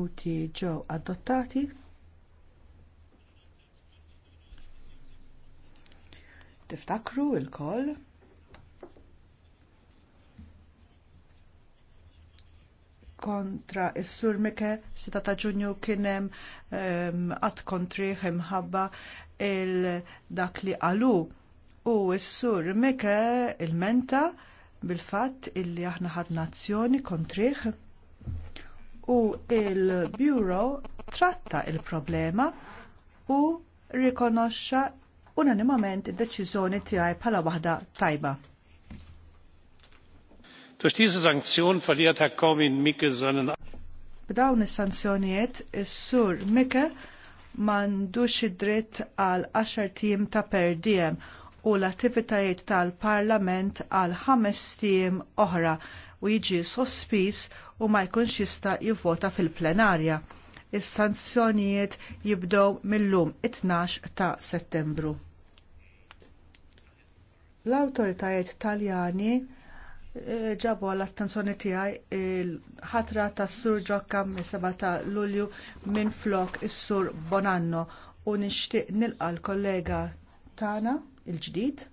Uti ġew adottati. Tiftakru il-koll. kontra is-Sur Mike 6 ta' Ġunju kien hemm qatt kontri imħabba il dak li għalu u s-Sur Mike il-menta bil-fatt illi aħna ħadna azzjoni kontrih u il-Bureau tratta il-problema u rikonoxxa unanimament id-deċiżjoni tiegħi bħala waħda tajba. Durch diese Sanktion verliert Herr Mikke seinen B'dawn is-sanzjonijiet is-sur Mikke m'għandux id-dritt għal 10 tim ta' per diem u l-attivitajiet tal-Parlament għal ħames tim oħra u jiġi sospis u ma jkunx jista' jivvota fil-plenarja. Is-sanzjonijiet jibdew millum it-12 ta' Settembru. L-awtoritajiet Taljani eh, ġabu għall attenzjoni tiegħi il-ħatra tas Sur Ġokka mis 7 ta' Lulju minn flok is-Sur Bonanno u nixtieq nilqa l-kollega tagħna il-ġdid